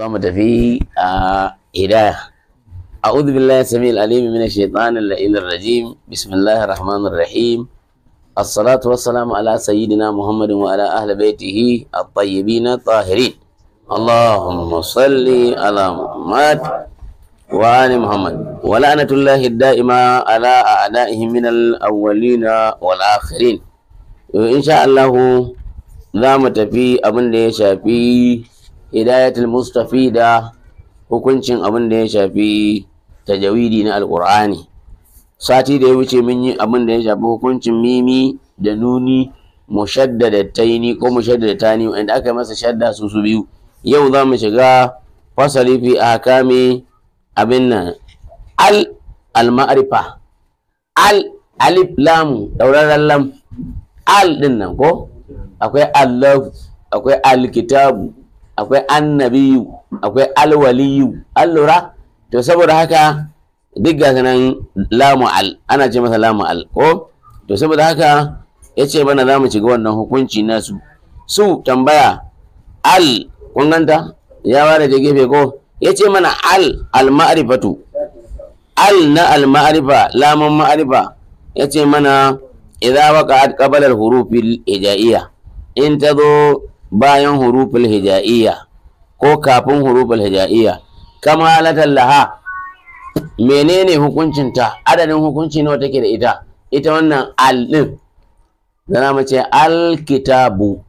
za mu tafi a hidaya a'udhu billahi samil alim min ash-shaytanir la'in ar-rajim bismillahir rahmanir rahim salamu ala sayyidina muhammadin wa ala ahli baytihi at-tayyibin at-tahirin allahumma salli ala muhammad wa ala muhammad wa la'natullahi ad-da'ima ala a min al-awwalina wal akhirin insha Allah za mu tafi abinda ya shafi hidayatul mustafida hukuncin abin da ya shafi tajawidi na alkur'ani sati da ya wuce mun yi abin da ya shafi hukuncin mimi da nuni mushaddada taini ko mushaddada tani inda aka masa shadda su su biyu yau za mu shiga fasali fi ahkami abin nan al al-ma'rifa al alif lam dauraran lam al din nan ko akwai allah akwai alkitabu akwai annabiyu akwai alwaliyu allura to saboda haka duk ga nan lamu al ana ce masa lamu al ko to saboda haka ya ce bana za mu shiga wannan hukunci nasu su tambaya al kun ganta ya ware da gefe ko ya ce mana al al ma'rifatu al na al ma'rifa lamun ma'rifa ya ce mana idza waqa'at qabala al hurufi al hijaiya in tazo bayan huruful hija'iyya ko kafin huruful hija'iyya kama laha menene hukuncinta adadin hukunci nawa take da ita ita wannan al din zana mace alkitabu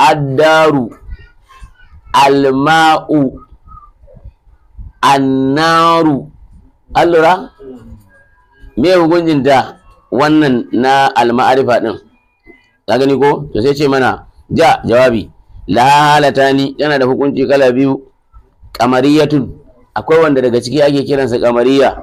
addaru alma'u annaru allura me hukuncinta wannan na alma'arifa din ka gani ko to sai ce mana ja jawabi la halatani yana da hukunci kala biyu qamariyatun akwai wanda daga ciki ake kiransa kamariya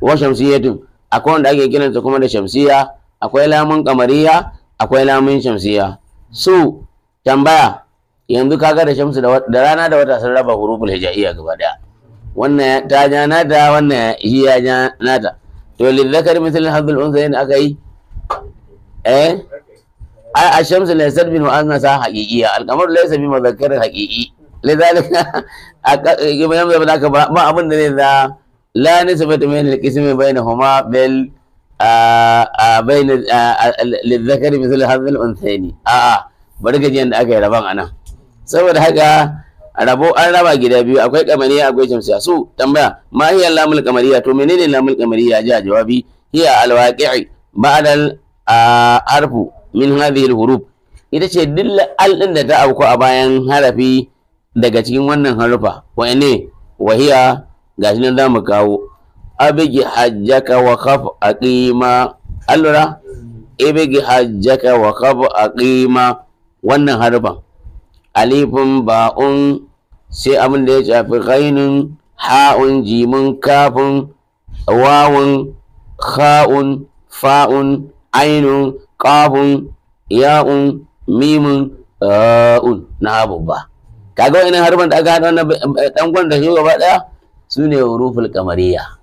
wa shamsiyatun akwai wanda ake kiransa kuma da shamsiya akwai lamun kamariya akwai lamun shamsiya su tambaya yanzu kaga da shamsu da rana da wata sun raba hurufin hijaiya gaba daya wannan ta ja nata wannan shi ya ja nata to lil zakari mithl hadhul unsayin aka yi eh أي الشمس ليست بمؤنسة حقيقية القمر ليس بمذكر حقيقي لذلك يوم يوم يوم ما أبن لذا لا نسبة من الكسم بينهما بل آآ آه، آآ آه، بين آه، للذكر مثل هذا الأنثيني آآ آآ بدك جين أكي ربان أنا سوى الحقا ربو أنا ربا جدا بيو أكوي كمانية أكوي شمسية سو تنبا ما هي اللام الكمانية تومنين اللام الكمانية جا جوابي هي الواقعي بعد الحرف min hadhihi huruf ita ce dilla al din da ta auku a bayan harafi daga cikin wannan harfa. wa ne wahiya gashi nan zamu kawo abigi hajjaka wa khaf aqima allura ibigi hajjaka wa khaf aqima wannan harufan alifun ba'un sai abin da ya shafi ghainun ha'un jimin kafin wawun kha'un fa'un ainun qafun ya'un mimun ra'un na habubba kaga wa'annan harban da aka hada wannan dangon da shi gaba ɗaya su ne huruful kamariya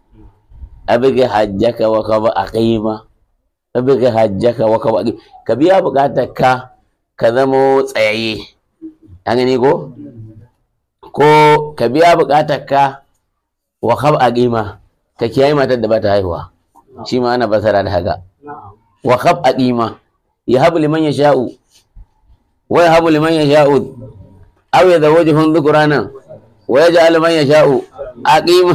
abiga hajjaka wa kaba aqima abiga hajjaka wa kaba ka biya bukatar ka ka zama tsayaye. an gani ko ko ka biya bukatar ka wa kaba aqima ka kiyaye matar da ba ta haihuwa shi ma ana basara da haka wa a khab'adi ma yahabu liman sha'u. wa ya yahabu liman yasha'u aw yadawjuhum dhukrana wa ya yaj'alu man yasha'u aqim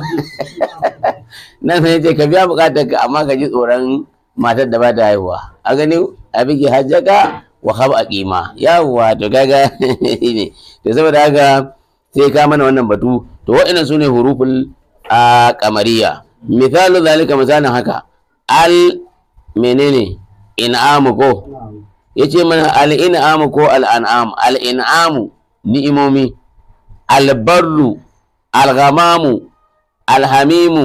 nan sai ce ka biya bukatar ka amma ka ji tsoron matar da ba ta haihuwa a gani a bige hajjaka wa a aqima yawwa to kaga ne to saboda haka sai ka mana wannan batu to waɗannan ne hurufin a kamariya misalu zalika misalin haka al menene in'amu ko yace mana al'in'amu ko al'an'am al'in'amu ni'imomi albarru alghamamu alhamimu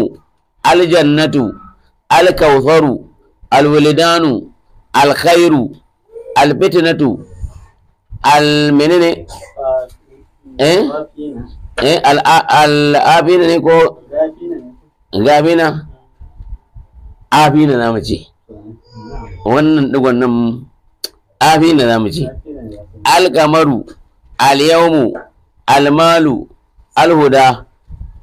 aljannatu alkautharu alwalidanu alkhairu alfitnatu almenene eh eh ne ko gabina abina na mace wannan digon nan afi na zamu ce alkamaru alyawmu almalu alhuda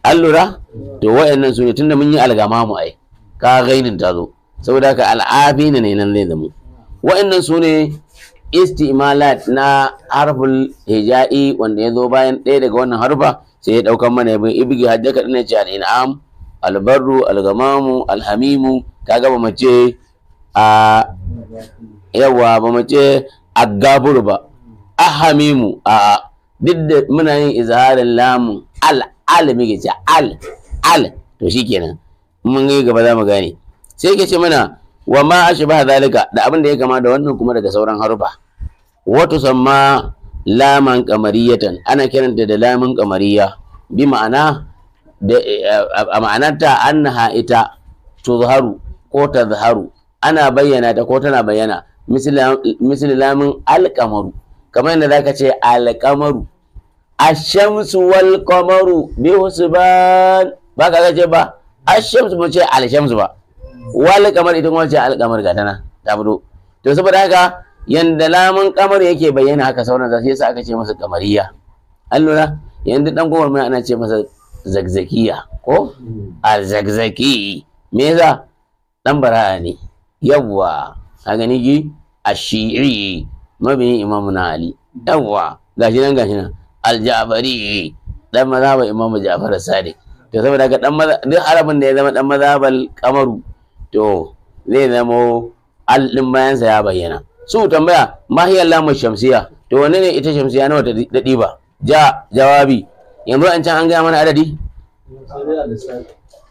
allura to wa'annan su ne tunda mun yi algama mu ai ka gainin ta zo saboda ka al'afi ne nan zai zamu wa'annan su ne istimalat na harful hija'i wanda ya zo bayan ɗaya daga wannan harfa sai ya ɗaukar mana ibn ibgi hajjaka ɗin ce al'in'am albarru algamamu alhamimu ka gaba mace a yawa ba mu ce aggabur ba ahamimu a duk da muna yin izaharin lamun al al muke ce al al to shikenan mun yi gaba za mu gane sai yake ce mana wa ma ashbaha zalika da abin da ya kama da wannan kuma daga sauran harufa wato samma laman kamariyatan ana kiranta da lamun kamariya bi ma'ana da eh, a ma'anarta annaha ita tuzharu ko tazharu ana bayyana ta ko tana bayyana misali lamin alkamaru kamar yadda zaka ce alkamaru ashamsu wal kamaru bi husban ba ka ce ba ashamsu ba ce alshamsu ba wal kamar ita kuma ce alkamar ga tana ta fito to saboda haka yanda lamun kamar yake bayyana haka sauran zasu yasa aka ce masa kamariya an lura yanda dan gowar mai ana ce masa zagzakiya ko hmm. alzagzaki me yasa dan bara'a ne yawwa a gani gi ashi'i mabiyin imamu na ali yawwa gashi nan gashi nan aljabari dan mazhabar imamu ja'far sadiq to saboda ga dan maza duk arabin da ya zama dan mazhabar kamaru to zai zama al din bayan sa ya bayyana su tambaya ma hiya lamu shamsiya to wanne ne ita shamsiya nawa ta dadi ba ja jawabi yanzu an can an ga mana adadi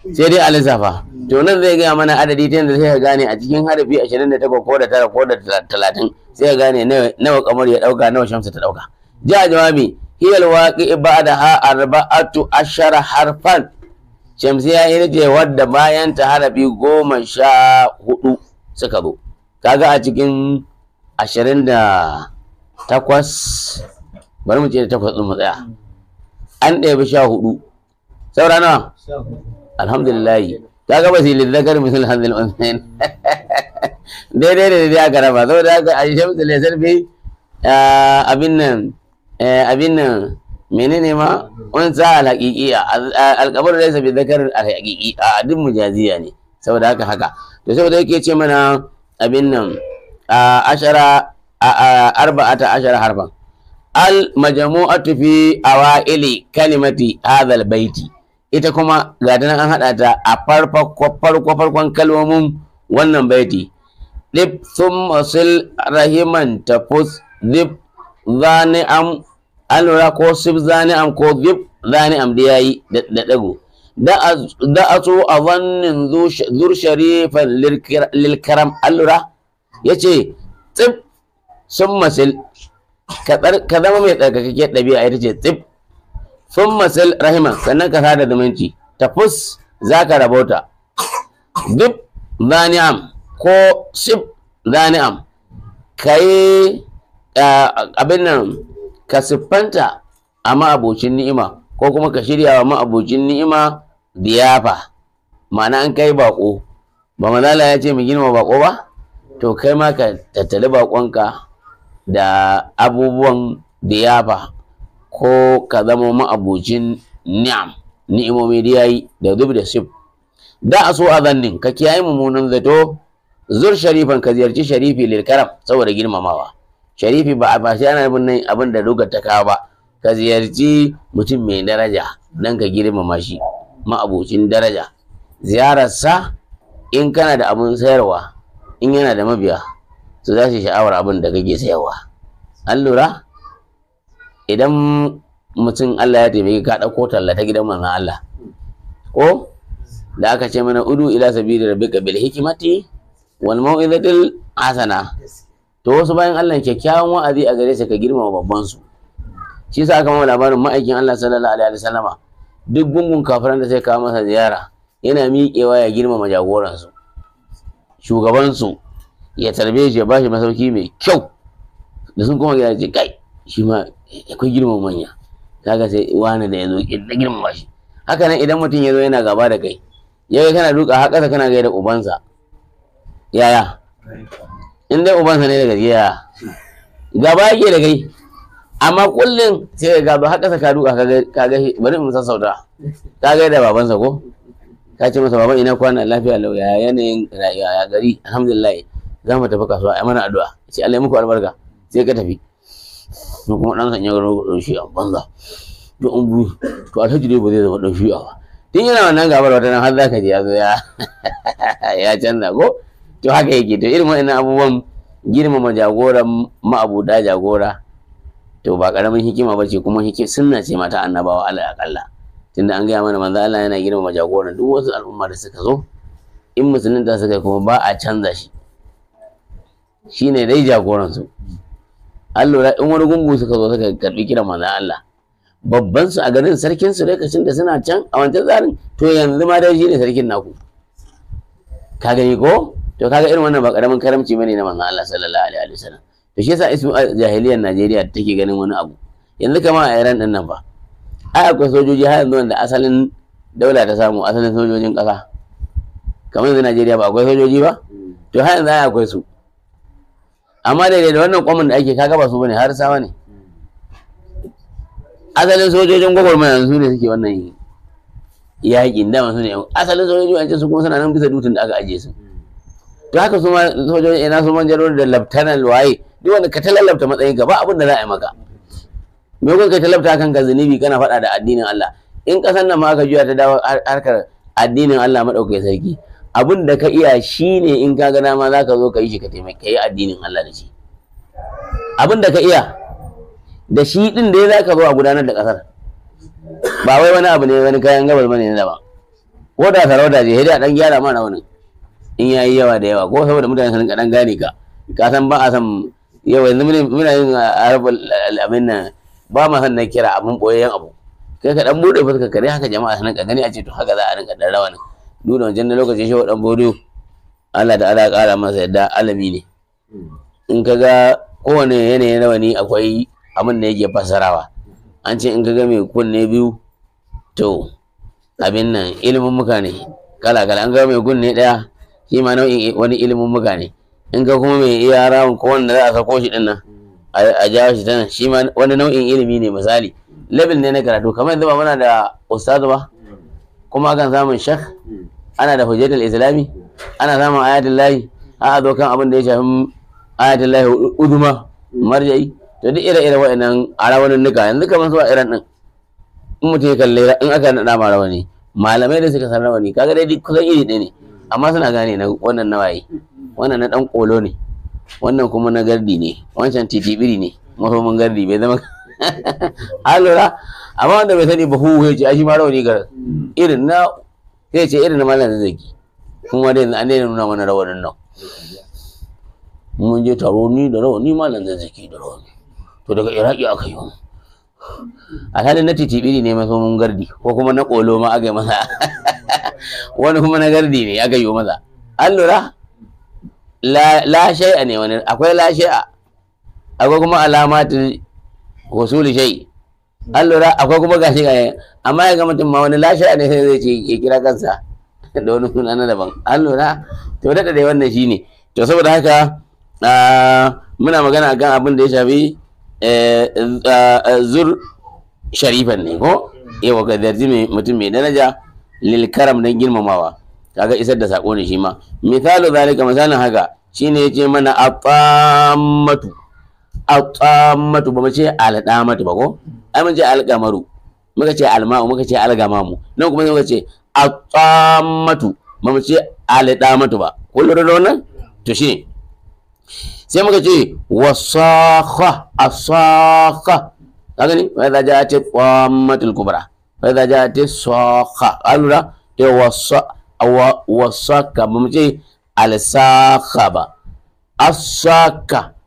sai dai a lissafa to nan zai gaya mana adadi ta yadda sai ka gane a cikin harafi 28 ko da tara ko da 30 sai ka gane nawa kamar ya dauka nawa shamsu ta dauka ji a jawabi hiya da ha arba'atu ashara harfan ya yi ce wadda bayan ta harafi goma sha hudu suka zo kaga a cikin ashirin da takwas bari mu ce da 8 mu tsaya an ɗaya bi sha hudu saura nawa alhamdulillah ta gaba misal a shamsu le sarfi eh, abin nan eh, abin nan menene ma unsa laysa bi a duk mujaziya ne saboda haka haka to saboda yake ce mana abin nan ashara arba'ata ashara harfan al majmu'atu fi awaili kalimati hadha al baiti ita kuma ga nan an haɗa ta a farko farkon kalmomin wannan baiti dip sun masil rahiman tafus dip zani am an lura ko sif zani am ko dip zani am da yayi da dago da a so a zannin zur sharifan lilkaram an lura ya ce tsif sun masil ka zama mai tsarkakakken ɗabi'a ita ce sun masil rahima, sannan ka sada zumunci tafus za ka rabota duk zani'am ko sif zani'am ka yi abin nan ka siffanta a ma'abocin ni'ima ko kuma ka shirya wa ma'abocin ni'ima diyafa ma'ana an kai bako ba mazala ya ce mu gina bako ba to kai ma ka tattali bakonka da abubuwan diyafa ko ka zama ma'abocin ni'am ni'imomi da yayi da zub da sif da a so azannin ka kiyaye mummunan zato zur sharifan ka ziyarci sharifi lil karam saboda girmamawa sharifi ba a basi ana bin nan abin dogar ta kawo ba ka ziyarci mutum mai daraja dan ka girmama shi ma'abocin daraja ziyararsa in kana da abin sayarwa in yana da mabiya to za su sha'awar abin da kake sayarwa an lura idan mutum Allah ya taimaki ka ɗauko talla ta gidan manzon Allah ko da aka ce mana udu ila sabili rabbika bil hikimati wal mau'izatil hasana to wasu bayan Allah kyakkyawan wa'azi a gare su ka girmama babban su shi yasa aka mamu labarin ma'aikin Allah sallallahu alaihi wasallama duk gungun kafiran da sai kawo masa ziyara yana miƙewa ya girmama jagoransu shugabansu ya tarbe shi ya bashi masauki mai kyau da sun koma gida ce kai shi ma akwai girman manya kaga sai wani da ya zo da girmama shi haka nan idan mutum ya zo yana gaba da kai yau kana duka haka ƙasa kana gaida ubansa yaya in dai ubansa ne da gajiya gaba yake da kai amma kullum sai ga ba haka ka duka ka ga bari mu sassauta ka da babansa ko ka ce masa baban ina kwana lafiya lau ya yanayin rayuwa ya gari alhamdulillah za mu tafi kasuwa ai mana addu'a sai Allah ya muku albarka sai ka tafi To kuma ɗansa ya gano ɗan shi'a banza duk an buru to alhaji dai ba zai zama ɗan shi'a ba tun yana wannan gabar wata nan har za ka ji ya zo ya canza ko to haka yake to irin waɗannan abubuwan girmama jagoran ma'abuda jagora to ba ƙaramin hikima ba ce kuma hikima sunna ce mata annabawa ala aƙalla tunda an gaya mana manzo Allah yana girmama jagoran duk wasu al'umma da suka zo in musulunta suka kuma ba a canza shi shine dai jagoransu an lura in wani gungu suka zo suka karbi kiran manzo Allah babban su a garin sarkin su lokacin da suna can a wancan tsarin to yanzu ma dai shine sarkin naku ka gani ko to kaga irin wannan ba karamin karamci bane na manzo Allah sallallahu alaihi wasallam to shi yasa ismu eh, jahiliyyar Najeriya take ganin wani abu yanzu kama a Iran din nan ba ai akwai sojoji har yanzu wanda asalin daula ta samu asalin sojojin kasa kamar yanzu Najeriya ba akwai sojoji ba to har yanzu ai akwai su amma da da wannan kwamin da ake kaga ba su bane har sawa ne asalin sojojin gwagwarmaya yanzu ne suke wannan yaƙin dama su ne asalin sojojin yanzu su kuma suna nan bisa dutsen da aka ajiye su to haka su ma sojojin ina su manjaro da laftanan waye duk wanda ka talalabta matsayin gaba abin da za a yi maka me kuka talabta ka zunubi kana faɗa da addinin Allah in ƙasar nan ma aka juya ta dawo harkar addinin Allah maɗaukai sarki abin da ka iya shi ne in ka gana dama za ka zo ka yi shi ka taimaka yi addinin Allah da shi abin da ka iya da shi din da za ka zo a gudanar da ƙasar ba wai wani abu ne wani kayan gabar mani na daban ko da sarauta ce je a ɗan gyara mana wani in ya yi yawa da yawa ko saboda mutane sun ɗan gane ka ka san ba a san yau yanzu muna yin arabul abin nan ba ma san na kira abin boyayyen abu kai ka ɗan bude fuskar ka haka jama'a sanan ka gani a ce to haka za a rinka ɗan rawanin duna wajen na lokacin shi waɗan bodo Allah da Allah ƙara masa yadda alami ne in ka ga kowane yanayi na wani akwai abin da yake fassarawa an ce in ka ga mai kunne biyu to abin nan ilimin muka ne kala kala an ga mai kunne ɗaya shi ma nau'in wani ilimin muka ne in ka kuma mai iya ramin ko wanda za a sako shi ɗin nan a jawo shi ta nan shi ma wani nau'in ilimi ne misali Labin ne na karatu kamar yanzu ba muna da ustazu ba kuma kan zaman shak ana da hujjatul islami ana zaman ayatul lahi a zo kan abin da ya shafi ayatul lahi uduma marja'i to duk ire-ire wa'annan a rawanin nuka yanzu kamar su a iran din in mutum ya kalle in aka nada ma rawani malamai da suka san rawani kaga dai kusan iri ɗaya ne amma suna gane na wannan nawaye wannan na ɗan ƙolo ne wannan kuma na gardi ne wancan titibiri ne mahomin gardi bai zama lura. amma wanda bai sani ba hu ya ce ai shi ma rawani garas hmm. irin na zai ce irin na malam zazzaki kuma dai an daina nuna mana rawanin nan mun je taro ni da rawani malam zazzaki da rawani to daga iraki aka yi mu alhalin na titi biri ne maso mun gardi ko kuma na kolo ma aka yi masa wani kuma na gardi ne aka yi masa an lura la ne wani akwai la akwai kuma alamatin husuli shay'i an lura akwai kuma gashi ga amma ya ga mutum ma wani lashe ne sai zai ce ya kira kansa da wani suna na daban an lura to daɗa dai wannan ne. to saboda haka muna magana akan abin da ya shafi eh, zur sharifan ne ko yawa ga zarji mutum mai daraja lilkaram karam don girmamawa kaga isar da sako ne shi ma misalu zalika misalin haka shine ce mana afammatu al-qammatu ba mu ce al-damatu ba ko ai mun ce al-qamaru muka ce al-ma'u muka ce al-gamamu nan kuma muka ce al-qammatu ba mu ce al-damatu ba ko lura da wannan to shi sai muka ce wasakha asakha ka ni wa idza ta qamatul kubra wa idza ta sakha alura to wasa wasaka ba mu ce al-sakha ba asaka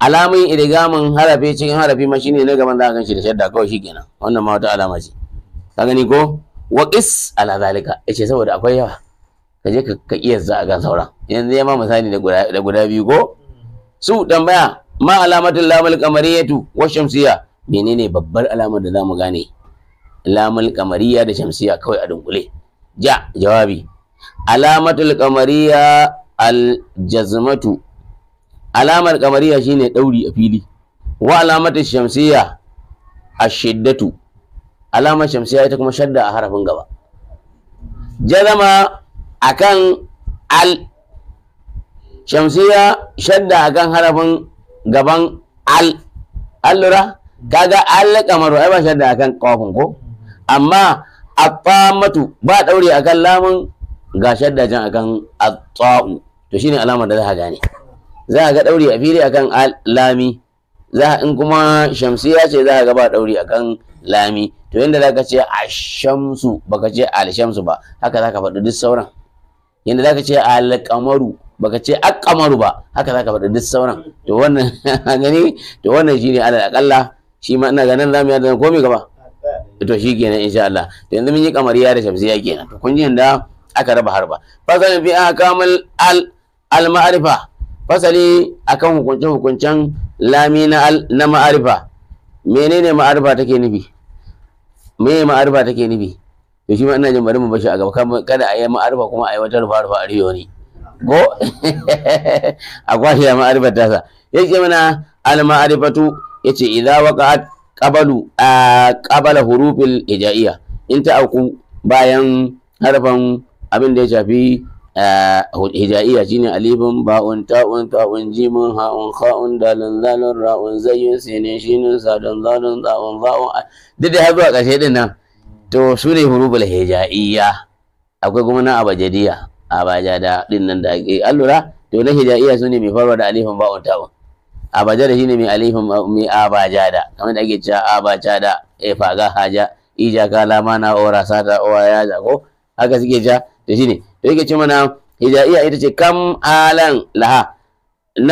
alamun idgamin harafi cikin harafi ma shine na gaban za ka shi da shadda kawai shi gina. wannan ma wata alama ce ka gani ko wa qis ala zalika yace saboda akwai yawa ka je ka kiyasta a ga sauran yanzu ya ma misali da guda da guda biyu ko su tambaya ma alamatul lamul qamariyatu wa shamsiyya menene babbar alamar da zamu gane lamul qamariyya da shamsiyya kawai a dunkule ja jawabi alamatul qamariyya al alamar kamariya shine dauri a fili wa alamatu shamsiya ashiddatu alamar shamsiya ita kuma shadda a harafin gaba jazama akan al shamsiya shadda akan harafin gaban al allura kaga al kamaru ai ba shadda akan kafin ko amma famatu ba a akan lamun ga shadda jan akan at to shine alamar da za ka gane za a ga ɗauri a fili akan lami za in kuma shamsiya ce za a ga ba ɗauri akan lami to yadda za ka ce a shamsu baka ce alshamsu ba haka za ka faɗi duk sauran yadda za ka ce alƙamaru baka ce a akamaru ba haka za ka faɗi duk sauran to wannan gani to wannan shine alal akalla shi ma ina ganin lami zamu yada komai gaba to shi kenan insha Allah to yanzu mun yi kamariya da shamsiya kenan to kun ji yanda aka raba harba fa zan fi akamal al al ma'rifa fasali akan hukunce hukuncen lami na ma'arifa menene ma'arifa take nufi me ma'arifa take nufi to shi ma ina jin bari mu bashi a gaba kada a yi ma'arifa kuma a yi wata rufa rufa a riyo ne ko a kwashe ya ma'arifar tasa ya ce mana al ma'arifatu ya ce idza waqa'at qabalu a qabala hurufil hijaiya in ta auku bayan harfan abin da ya shafi hijaiya shine alifin ba'un ta'un ta'un jimin ha'un kha'un dalun zalun ra'un zayyun sinin shinin sadun zalun za'un za'un duk da zuwa ƙarshe din nan to su ne hurubul hijaiya akwai kuma na abajadiya abajada ɗin nan da ake allura to na hijaiya su ne mai farwa da alifin ba'un ta'un abajada shine mai alifin mai abajada kamar da ake cewa abajada e faga haja ija kala mana ora sata owa ya jago haka suke cewa to shine yake ce mana hijaiya ita ce kam alan laha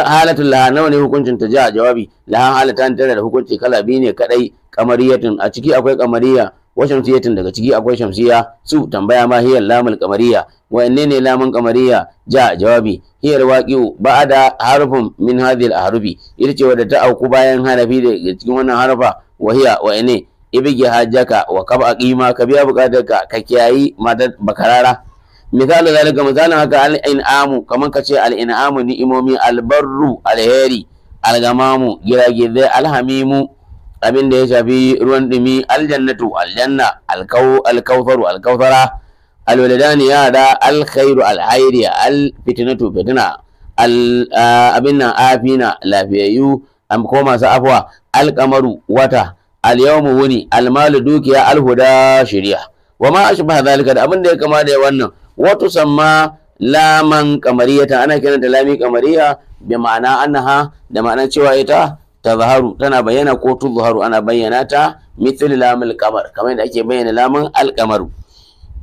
halatun laha nawa ne hukuncin ta ja jawabi laha halatan tana da hukunci kala biyu ne kadai kamariyatun a ciki akwai kamariya wa shamsiyatin daga ciki akwai shamsiya su tambaya ma hiyar lamul kamariya wayanne ne lamun kamariya ja jawabi hiyar waqi'u ba'da harfun min hadhihi al ahrubi ita ce wadda ta auku bayan harafi daga cikin wannan harfa wa hiya wa ibigi hajjaka wa kaba qima ka biya bukatarka ka kiyayi matar bakarara misali zalika misalin haka al'in'amu kamar ka ce al'in'amu ni'imomi albarru alheri algamamu giragizai alhamimu abin da ya shafi ruwan dumi aljannatu aljanna alkawfaru alkawfara alwaladani yada alkhairu alhairi alfitinatu fitina abin nan afina lafiyayyu ko masu afuwa alkamaru wata alyawmu wuni almalu dukiya alhuda shirya. wa ma ashbaha zalika da abin da ya kama da wannan wato samma laman ta. ana kiran kiranta lami kamariya bi ma'ana annaha da ma'ana cewa ita ta zaharu, tana bayyana ko zaharu ana bayyana ta mithl lamul qamar kamar yadda ake bayyana lamun alqamar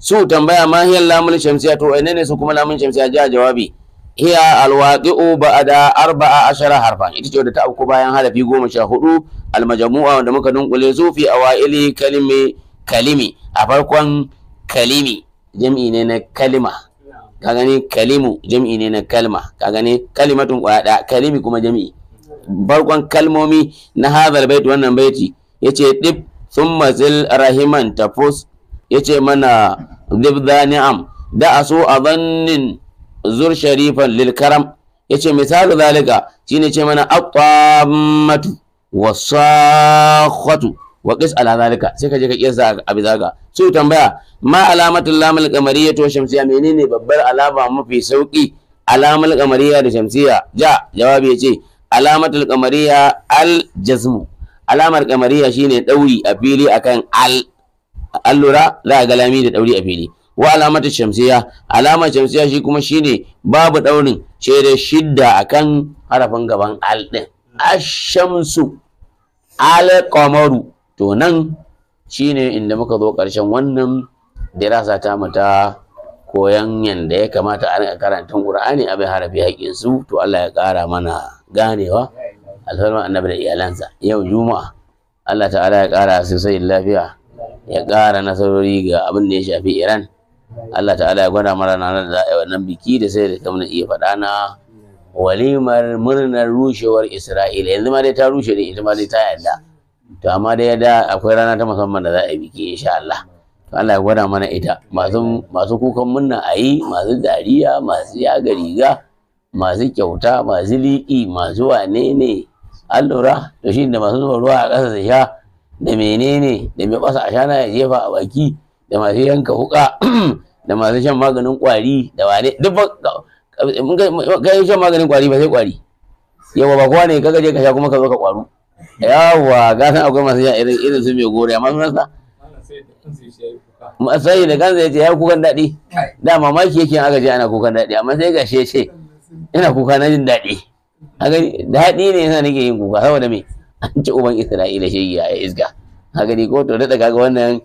su tambaya ma hiya lamul shamsiya to ai ne su kuma lamun shamsiya ja jawabi hiya alwaqi'u ba'da arba'a ashara harfan ita ce da ta auku bayan harafi goma sha hudu almajmu'a wanda muka dunkule su fi awaili kalimi kalimi a farkon kalimi jam'i ne na kalima ka gani kalimu jam'i ne na kalma ka gani kalimatun kwaya kalimi kuma jam'i barkon kalmomi na hazar baiti, wannan baiti yace dib thumma zil rahiman tafus yace mana dib da ni'am da a zannin zur sharifan lil karam yace misalu zalika shine ce mana at-tammatu wa qis ala zalika sai ka je ka kiyasa a bizaga su tambaya ma alamatul lamul qamariyya to shamsiya menene babbar alama mafi sauki alamul qamariyya da shamsiya ja jawabi yace alamatul qamariyya al jazmu alamar qamariyya shine dauri a fili akan al allura za ga lami da dauri a fili wa alamatu shamsiya alamar shamsiya shi kuma shine babu daurin ce da shidda akan harafin gaban al din ashamsu al qamaru to nan ne inda muka zo ƙarshen wannan dirasa ta mata ta koyan yanda ya kamata a rika karantar a abin harafi haƙin su to Allah ya ƙara mana ganewa alfarma annabi da iyalansa yau juma'a Allah ta'ala ya ƙara sosai lafiya ya ƙara nasarori ga abin da ya shafi Iran Allah ta'ala ya gwada mana ranar da za wannan biki da sai da muna iya faɗa na walimar murnar rushewar Isra'ila yanzu ma dai ta rushe ne ita ma dai ta yadda to amma dai ya da akwai rana ta musamman da za a yi biki insha Allah to Allah ya gwada mana ita masu masu kukan munna a yi masu dariya masu yaga riga masu kyauta masu liƙi masu wane ne an lura to shi da masu zuwa ruwa a ƙasa su sha da menene da mai ƙasa a sha na ya jefa a baki da masu yanka wuƙa. da masu shan maganin kwari da wane duk kai shan maganin kwari ba sai kwari yawa ba kowa ne ka gaje ka sha kuma ka zo ka kwaru yawa gasan akwai masu shan irin irin su mai gore amma sunan sa sai da kansa yace yayi kukan daɗi da mamaki yake aka je ana kukan daɗi amma sai gashi ya ce ina kuka na jin daɗi daɗi ne yana nake yin kuka saboda me an ci uban isra'ila shi ya isga haka ni ko to da daga wannan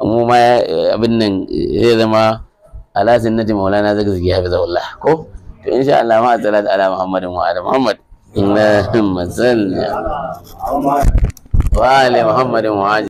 mu ma eh, abin nan eh, zai zama ala sunnati maulana zaka zaki hafizahullah ko to insha Allah ma salatu ala muhammadin wa ala muhammad اللهم صل على محمد وآل محمد وعلى